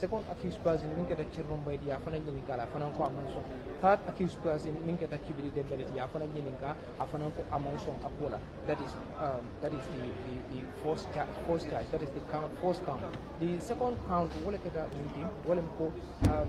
second accused person min keta cirrum baydi ya fana ñinin kala fana ko amon so third accused person min keta kibri de belet ya fana ñinin ka afana ko amon so akola that is um, that is the the, the first charge first charge that is the count first count the second count wala keta min tim wala ko um,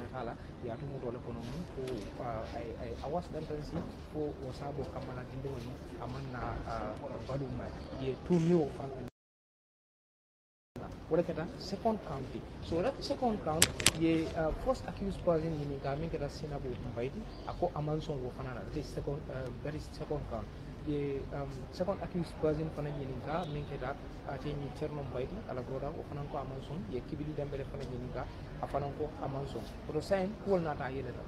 kala ya mu dole kono mu ko a wasɗan tan si ko o saabo kammala dindewol mum amanna badu ma ye tourni o fan wala kata second county so that second count ye uh, first accused person ni ga kata sina sinabu mbayti ako amanson wo fanana that second uh, that second count the um, second accused person fana ɲininka min kɛra a tɛ ɲi cerno mbayidi alagoda o fana ko a man ye kibili danbɛlɛ fana ɲininka a fana ko a man sɔn o do sayin kuwol nata a yɛlɛta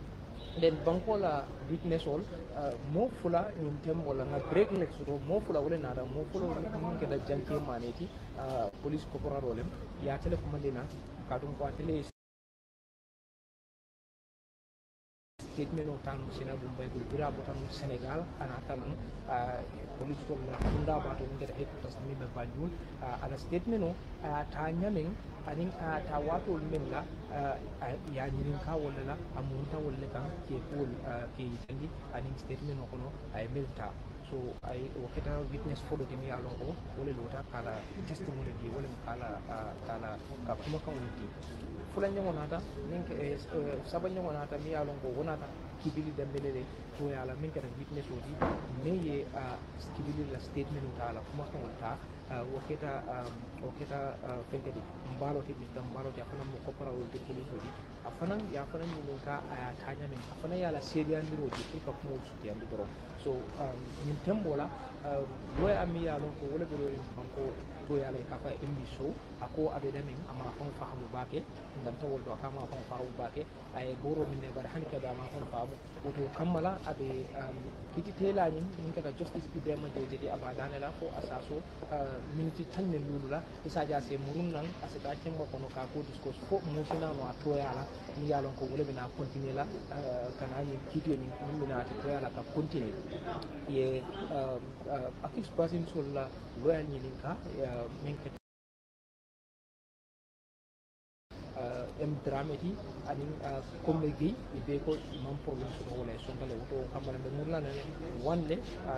nden banko la witness ol uh, mo fula ñun tembo la nga break lex to mo fula wole naata mo fula min kɛra janke maneti uh, police corporal olem ya tele kuma lena katum ko atele statement ஒட்டானும் சின்ன மும்பை குறிப்பிட ஒட்டானும் Senegal அனாத்தானும் police from Nakunda but on the headquarters ni Bajul ana ah, statement no ah, ta nyamin anin ta ah, wato min la ya nyin ka wala la amunta wala kan ke ko ke tangi anin statement no kono ay milta so ay will now witness followed me along all wale lota kala testimony di wale kala kala kuma kan wuti fulan yango e nata ninka eh, eh, sabon yango e nata mi along all wonata kibili skibbilida menene to yaala min kata witness oji min ye kibili skibbilida statement utaala kumakanol ta wo keta wo keta fenkedi mbaloti ɓitta mbaloti a fana mo coparawolde policeoji a fanaŋ ye a fanaŋ ñinin ka aya tañamin a fanaŋ ye fana yaala seediyandiroji pour ka kumol sutiyandi doron so ñiŋ la min tembola ye a yaalon ko wole ɓeɗorin fanko to ya lay kafa en biso ako abe damin amara kon fahamu bake ndam to woldo kama kon fahamu bake ay goro min ne bar han ka dama kon fahamu to kammala abe kiti tela ni min ka justice bi dema je je abadane la ko asaso minti tan ne lulula isa ja se murun nan asata kin ba kono ka ko discourse ko mu fina no to ya la ni ya lon ko wole bina continue la kana yi kiti ni min bina to ya la ka continue ye accused person sulla loyal ni ka ya uh, m drameti anin comɓe ah, gueyi ɓe ko mam probléme soto wala e songale woto kammala ɓe one wande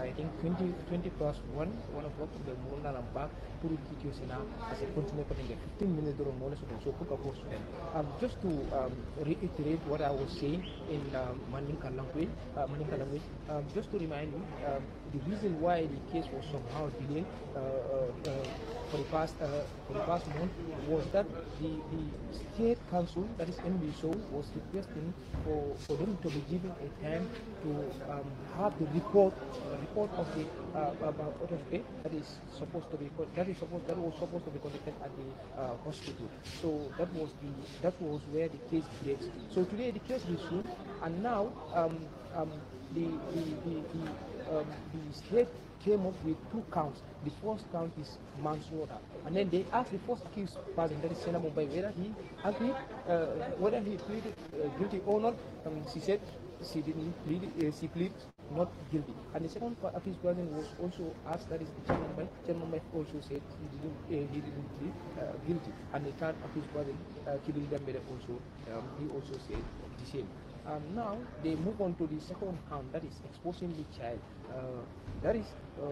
i think 20 20 plus 1 one the ɓe murnanam ba pour kitio sena parce que continue kote ngue 15 minutes doro nole soto so so pour kako soten um, just to um, reiterate what i was saying in um, uh, maninka language uh, maninka language um, just to remind you um, the reason why the case was somehow delayed uh, uh, uh, for the past uh, for the past month was that the, the state council, that is NBSO, was requesting for, for them to be given a time to um, have the report, the report of the uh, about OFA that is supposed to be that is supposed that was supposed to be conducted at the uh, hospital. So that was the that was where the case breaks. So today the case is through, and now um, um, the the the, the, um, the state came up with two counts. The first count is manslaughter, and then they asked the first accused person, that is Sena Mumbai, whether he agreed, uh, whether he pleaded uh, guilty or not. And um, she said she didn't plead, uh, she pleaded not guilty. And the second accused person was also asked, that is the Chen Mumbai. Chen Mumbai also said he didn't, uh, he didn't plead uh, guilty. And the third accused person, uh, Dambere, also, um, he also said the same and now they move on to the second count that is exposing the child uh, that is uh,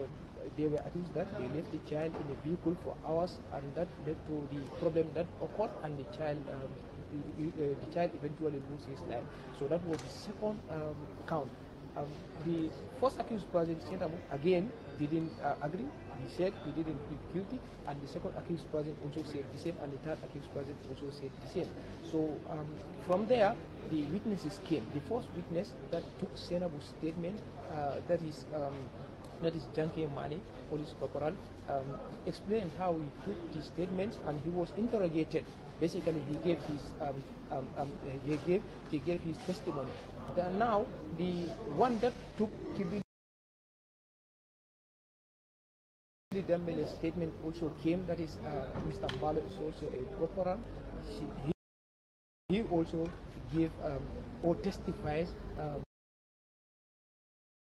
they were accused that they left the child in a vehicle for hours and that led to the problem that occurred and the child um, the, the, uh, child eventually loses his life so that was the second um, count um, the first accused President Sentamu again didn't uh, agree. He said he didn't plead guilty, and the second accused President also said the same, and the third accused President also said the same. So um, from there, the witnesses came. The first witness that took Senabu's statement, uh, that is. Um, that is Janke Mani, police corporal, um, explained how he took his statements and he was interrogated. Basically, he gave his um, um, um he gave he gave his testimony the, uh, now the one that took the statement also came, that is, uh, Mr. Mbalo is also a corporal. She, he, he, also gave um, or testifies um,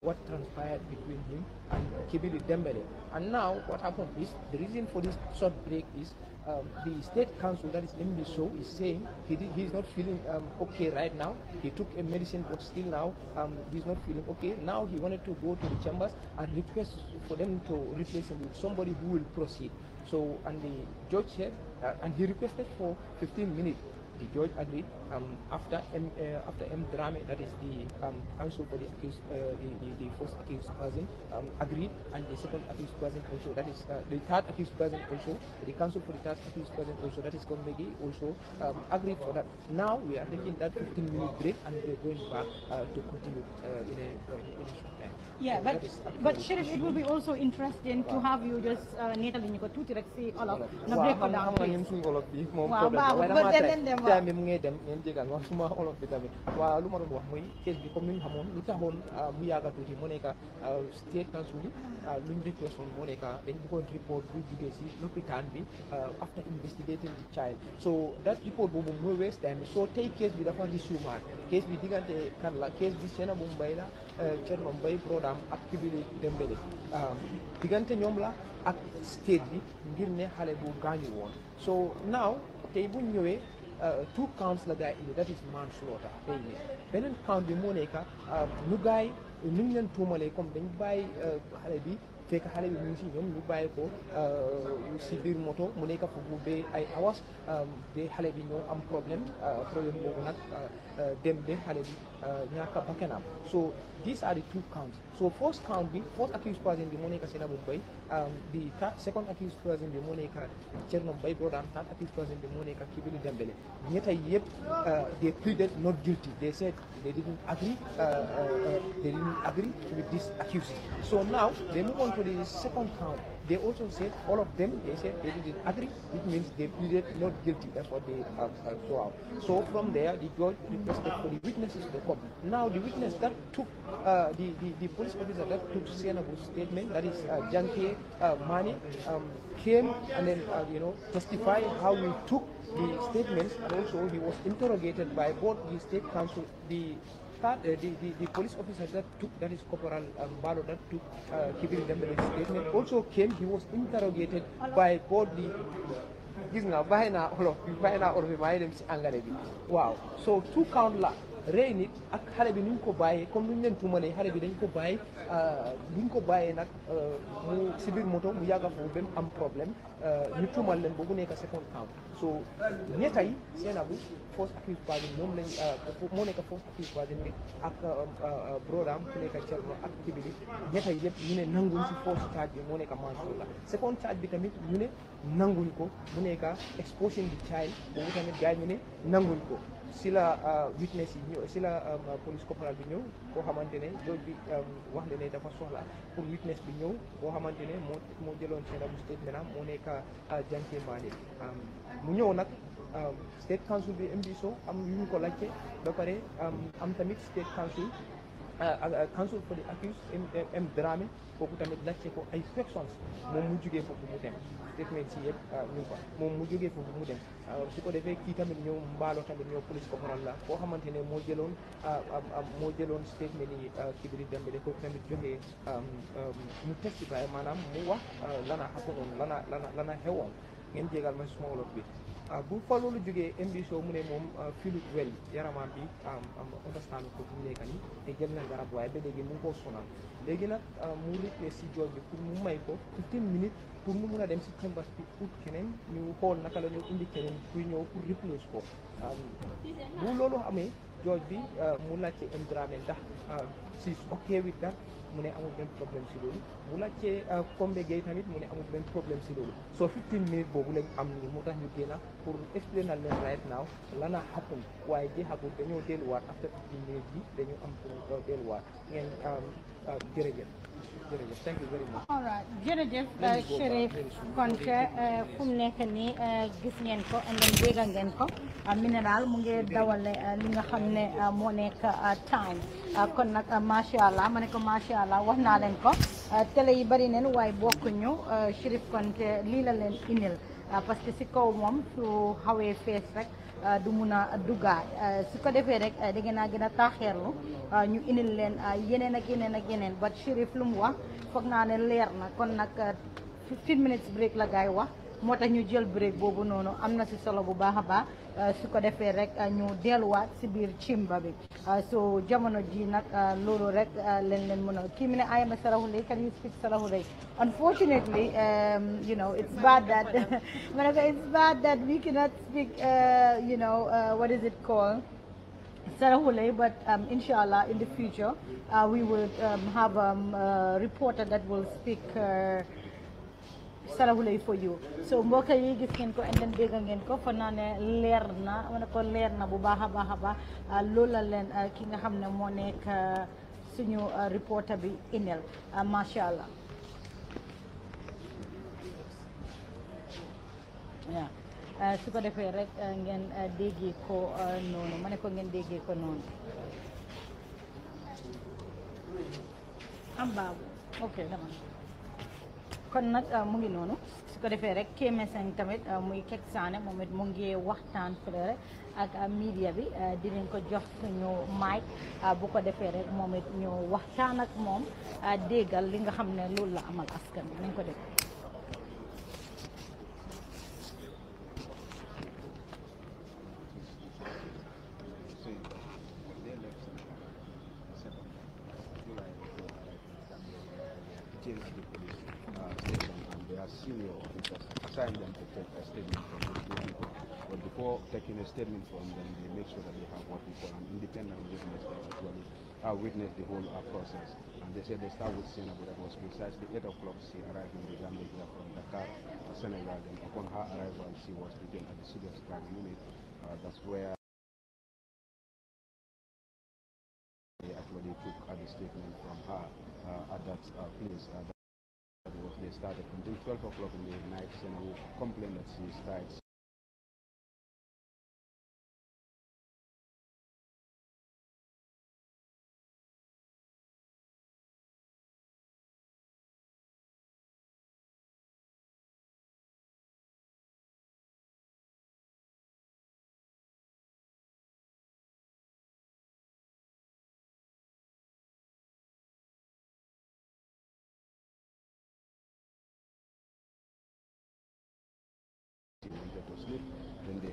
what transpired between him and Kibili Dembele. And now what happened is the reason for this short break is um, the state council that is in the show is saying he did, he's not feeling um, okay right now. He took a medicine but still now um, he's not feeling okay. Now he wanted to go to the chambers and request for them to replace him with somebody who will proceed. So and the judge said uh, and he requested for 15 minutes the judge agreed um, after M uh, after M Drame, that is the um, for the accused, uh, the, the, the, first accused person um, agreed, and the second accused person also, that is uh, the third accused person also, the counsel for the third accused person also, that is be also um, agreed for that. Now we are taking that 15 minute break and we are going back uh, to continue uh, in a, uh, in, a, short time. Yeah, so but but Sheriff, it will be also interesting to have you just uh, Nathan Nyiko Tutirek see all of the break on that. Wow, but then, them. temps bi mu ngay dem ngeen jégal ma suma olof bi tamit waaw lu ma doon wax mooy kees bi comme ni ñu xamoon lu taxoon mu yàgg tuuti moo nekk state council yi luñ request woon moo nekk dañ bëggoon report bu jugee si lopitaan bi after investigating the child so that report boobu mooy waste time soo tey kees bi dafa risumaat kees bi diggante kan la kees bi Sainabou Mbye la Cherno Mbye programme ak Kibili Dembélé diggante ñoom la ak state bi ngir ne xale bu gaañu woon so now tey buñ ñëwee Uh, two counts la indi that is manslaughter tey nii beneen count bi moo nekk um, ñu gaay ñu ngi leen tuumalee comme dañ bàyyi uh, xale bi fekk xale bi mu ngi si ñoom ñu bàyyi ko si uh, moto mu ay awas um, xale bi ñoo am problème problème boobu nag dem ba xale bi uh, Nyaka So these are the two counts. So first count, the first accused person, the Monica Sena Mumbai, um, the third, second accused person, the Monica Chernom brother, and third accused person, the Monica Kibili Dembele. Yet, yet uh, they pleaded not guilty. They said they didn't agree. Uh, uh, uh, they didn't agree with this accused. So now they move on to the second count. They also said, all of them, they said they didn't agree. It means they pleaded not guilty. That's what they have out. So from there, the judge requested for the witnesses to come. Now the witness that took, uh, the, the, the, police officer that took Sienna's statement, that is uh, Janke uh, Mani, um, came and then, uh, you know, testified how we took the statements and also he was interrogated by both the state council, the part, uh, the, the, the, police officer that took, that is Corporal um, Balo, that took uh, Kibiri statement, also came, he was interrogated by both He's now nga now. All of bi bàyyi naa olof bi maa ngi dem si Wow. so two count la reyni ak xale bi ni ñu ko bàyyee comme ni ñu leen tuumalee xale bi dañ ko bàyyi bi ñu ko bàyyee nag mu si biir moto mu yàgga foofu ba am problème ñu tuumal leen boobu nekk second camp so ñetta yi seen abu first accused person moom lañ moo nekk first accused person bi ak program ku nekk Chelno ak Kibili ñetta yi yëpp ñu ne nanguñ si force charge bi moo nekk mansour la second charge bi tamit ñu ne ko Nangunko, Muneka, exposing the child, bo tamit gaay ñu ne Mune, ko Sila uh, witness yi ñu sila um, police corporal bi ñew ko xamantene ne bi wax le ne dafa soxla pour witness bi ñew koo xamantene mo mo jëlon ci seen abu statement mo moo nekk uh, jànkee mu ñew nak state council bi mbiso am yu ñu ko laccé ba paré am tamit state council Euh, euh, euh, Kansour Fodé accuse M Dramé kooku tamit laajte ko ay personnes moom mu jugee foofu mu dem def nañ si yëpp fa moom mu jugee foofu mu dem su ko defee kii tamit ñëw mbaalo tamit ñëw police corporal la koo xamante ne moo jëloon moo jëloon statement yi Kibili Dembélé kooku tamit jógee mu testify maanaam mu wax lana xaponoon lana lana lana xewoon ngeen jégal ma suma wolof bi Ah, bu fa loolu jógee MB mu ne moom feel ah, well yaramam bi am am understand ko fu mu nekk nii te jël na garab waaye ba léegi mu ngi koo sonal léegi nag ah, mu replay si jooj bi pour mu may ko 15 minutes pour mu mun a dem si chambers bi ut keneen ñu xool naka la ñu indi keneen kuy ñëw pour replace ko bu loolu amee jooj bi mu laajte Dramé ndax si ok with that mu ne amul benn problème si loolu bu laajtee euh, Kombe Gueye tamit mu ne amul benn problème si loolu soo 15 minutes boobu lañ am ni moo tax ñu génn pour explain leen right now lan a happen waaye jeexagul dañoo delluwaat after 15 minutes bi dañu am pour euh, delluwaat ngeen euh, Gereceğim. Gereceğim. Thank you very much. Alright. Jërëjëf Chérif Konte fu mu nekk nii gis ngeen ko andam dégg ngeen ko minéral mu ngi dawale li nga xam ne moo nekk time kon nag macha allah ma ne ko macha allah wax naa leen ko télé yi bari neen waaye bokkuñu Chérif Konte lii la leen indil parce que si kaw moom su xawee fees rek. Euh, du mun a duggaat euh, su ko defee rek euh, da ngeen a gën a taaxeerlu ñu indil leen yeneen ak yeneen ak yeneen ba Chérif lu mu wax foog naa ne leer na kon nag 15 minutes break la gaay wax moo tax ñu jël break boobu noonu am na si solo bu baax a baax euh, su ko defee rek euh, ñu delluwaat si biir cimba bi euh, so jamono ji nag loolu rek leen leen mën a kii I am a Sarahule can you speak Sarahule unfortunately um, you know it's bad that ma it's bad that we cannot speak uh, you know uh, what is it called Sarahule, but um, inshallah in the future uh, we will um, have um, a reporter that will speak uh, Sarahoulah for you so mbokk yi gis ngeen ko and then ngeen ko fa naa leer na ma ne ko leer na bu baax a baax a baax ah, loolu leen ah, ki nga xam ne moo nekk ah, suñu reporter bi inel macha allah waaw su ko defee rek ngeen déggee ko noonu ma ko ngeen déggee ko noonu am baabu ok dama kon nag mu ngi noonu su ko defee rek KMSN tamit muy Kek Sané moom it mu ngi waxtaan fële ak media bi dinañ ko jox suñu mic bu ko defee rek moom it ñu waxtaan ak moom déggal li nga xam ne loolu la amal askan bi nañ ko def. senior officers sign them to take a statement from these people. But before taking a statement from them, they make sure that they have what we call an independent witness that actually have uh, witnessed the whole uh, process. And they said they start with Senegal. That was precisely 8 o'clock. She arrived in the Gambia from Dakar, Senegal. And upon her arrival, she was detained at the serious crime unit. Uh, that's where they actually took uh, the statement from her uh, at that uh, place. Uh, they started until 12 o'clock in the night and we complained that she starts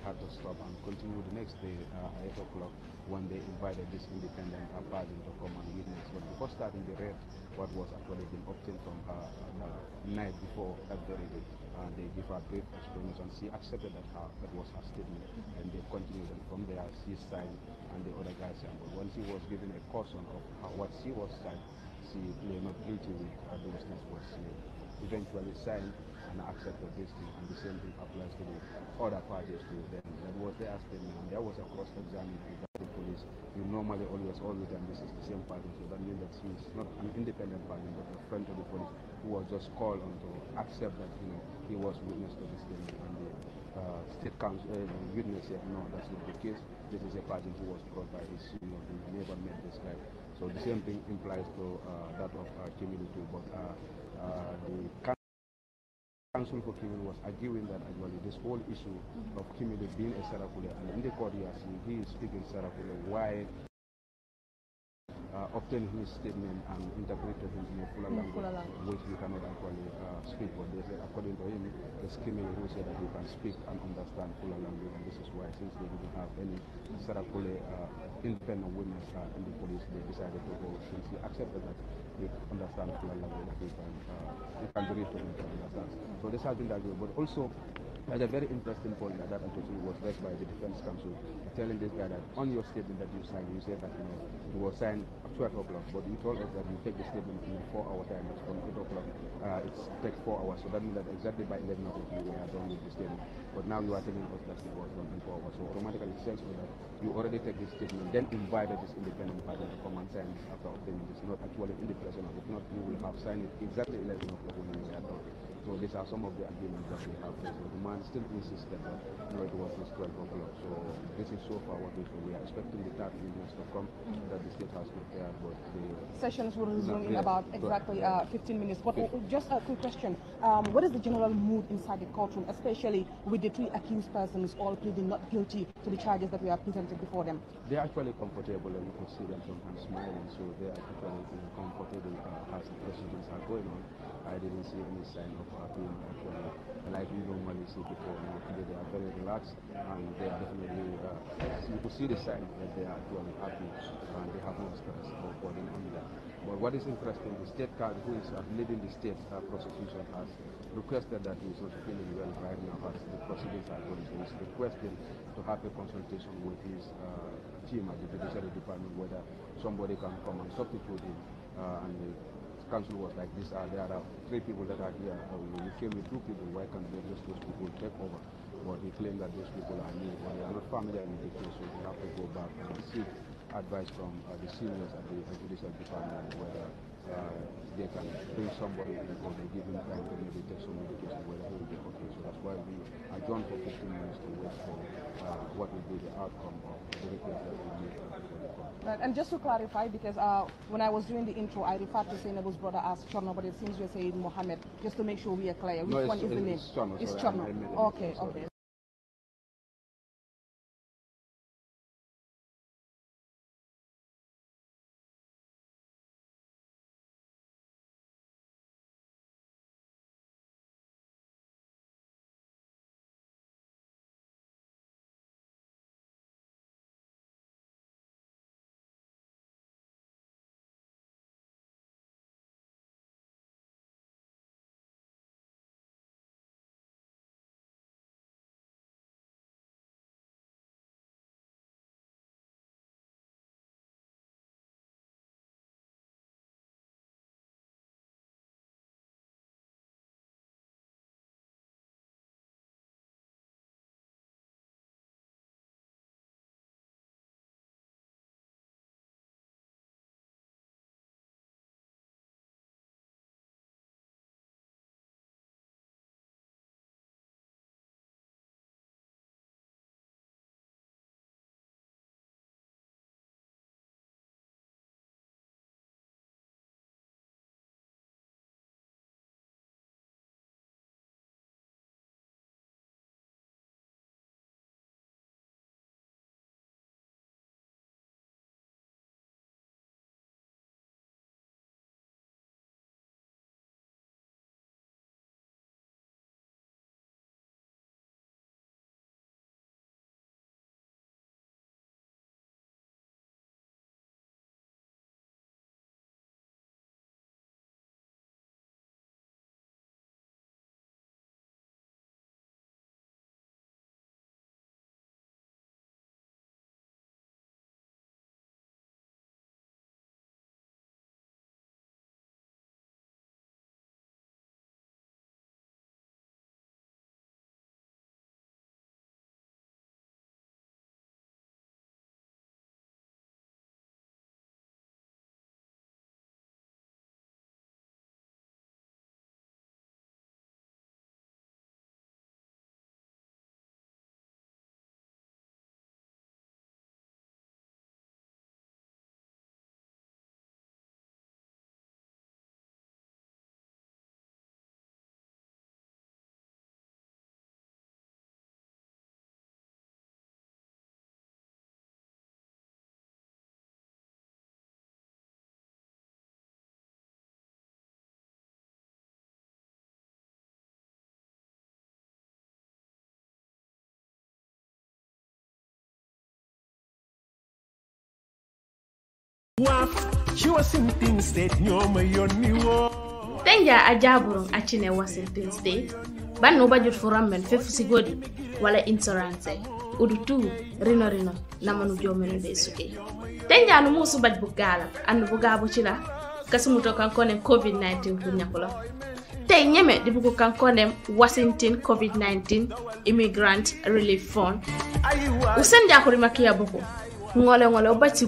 had to stop and continue the next day uh, 8 o'clock when they invited this independent uh, party to come and witness. But before starting the raid, what was actually been obtained from uh, the night before that very uh, they gave her brief explanation. She accepted that her, uh, that was her statement and they continued and from there she signed and the other guys. signed. But when she was given a caution of what she was signed, she may not guilty with uh, those things was she eventually signed and accept of this thing. And the same thing applies to the other parties too. Then, That was their statement. And there was a cross-examination by the police. You normally always, all the time, this is the same party. So that means that he's not an independent party, but a friend of the police who was just called on to accept that, you know, he was witness to this thing. And the uh, state council uh, witness said, no, that's not the case. This is a party who was brought by his, senior, who he never met this guy. So the same thing implies to uh, that of uh, too. but uh, uh the counsel for Kimil was arguing that actually this whole issue of Kimil being a Sarakule and in the court he is speaking Sarakule, why uh, obtain his statement and interpreted him in a fuller, language, which we cannot actually uh, speak. But they say, according to him, the Skimmy who said that he can speak and understand fuller language, and this is why, since they didn't have any Sarakule uh, independent women uh, in the police, they decided to go, since he accepted that he understands fuller language, that he can, uh, he can read to him to understand. So this has been that way. But also, that's a very interesting point that actually was read by the defense counsel, telling this guy that on your statement that you signed, you said that you know it was signed at 12 o'clock, but you told us that you take the statement in four hour time. It's from 8 o'clock. Uh, it takes four hours, so that means that exactly by 11 o'clock you were done with the statement. But now you are telling us that it was done in four hours, so automatically it says that you already take this statement, then invited this independent party to come and sign after obtaining this. Not actually in the person, if not, you will have signed it exactly 11 o'clock these are some of the agreements that we have. So the man still insists that you know, it was 12 o'clock. So this is so far what we feel. We are expecting the tax unions to come mm -hmm. that the state has prepared. But the sessions will resume in about exactly uh, 15 minutes. But uh, just a quick question. Um, what is the general mood inside the courtroom, especially with the three accused persons all pleading not guilty to the charges that we are presented before them? They are actually comfortable and you can see them sometimes smiling. So they are actually comfortable uh, as the proceedings are going on. I didn't see any sign of uh, feel like we normally see before. Now today they are very relaxed and they are definitely, uh, you can see the sign that they are actually happy and they have no stress or burden on that. But what is interesting, the state card who is uh, leading the state uh, prosecution has requested that he is not feeling well right now as the proceedings are going. to he's requesting to have a consultation with his uh, team at the Judiciary Department whether somebody can come and substitute him uh, and council was like this, uh, there are three people that are here. Uh, you came with two people, why can't they just those people take over? But he claimed that those people are new or they are not familiar with the case, so they have to go back and seek advice from uh, the seniors at the judicial department whether uh, they can bring somebody or they give him time to maybe take some medication, whether he will John for uh, what be the outcome of the request that we Right, and just to clarify, because uh, when I was doing the intro, I referred to Abu's brother as Chorno, but it seems you're saying Mohammed, just to make sure we are clear. Which no, one is the name? it's Chorno. Okay, okay. tenja a jaburum a washington state banno bajut fu rammen fef sigodi wala insurance udu tu rino rino namanu jomenu be suke tenja no musu baj bu galam andu bu gabu cila kasumuto kankone covid 19 fu nyakulo tey ñeme di bugu kankonem washington covid-19 immigrant relief fund usen jakuri makiya bugu ngole ngole o bacci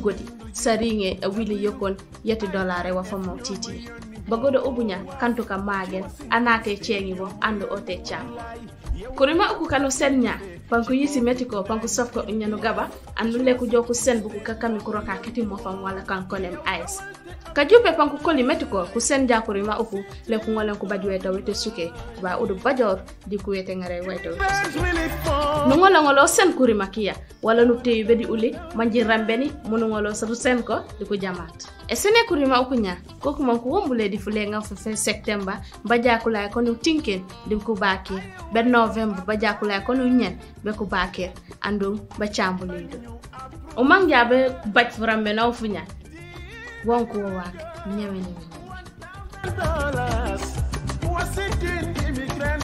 saringe a wili yokon yeti dolare wa famo titi bagodo ubunya kantu ka magen anate chengi bo ando ote cam kurima uku kanu senya panku yisi metiko panku sofko nyanu gaba andule leku joku sen buku kakami kuroka kiti mofam wala kan kolem ice ka panku koli meti ko ku sen jakurima uku le ngolen ku baju weta wete suke ba udu bajor di ku wete ŋare wete ngolo ngolo sen kuri makia wala nu teyu be di uli manjin rambeni munuŋolo satu sen ko di ku jamat kuri kurima uku nya ko kuma ku wombule di fule ŋa fefe septemba jakula ko nu tinken di ku bakir be novembre jakula ko nu nyen be ku bakir andum ba cambulindo o mangi abe baj rambenaw fu nya wonkuwowaak ñawenimi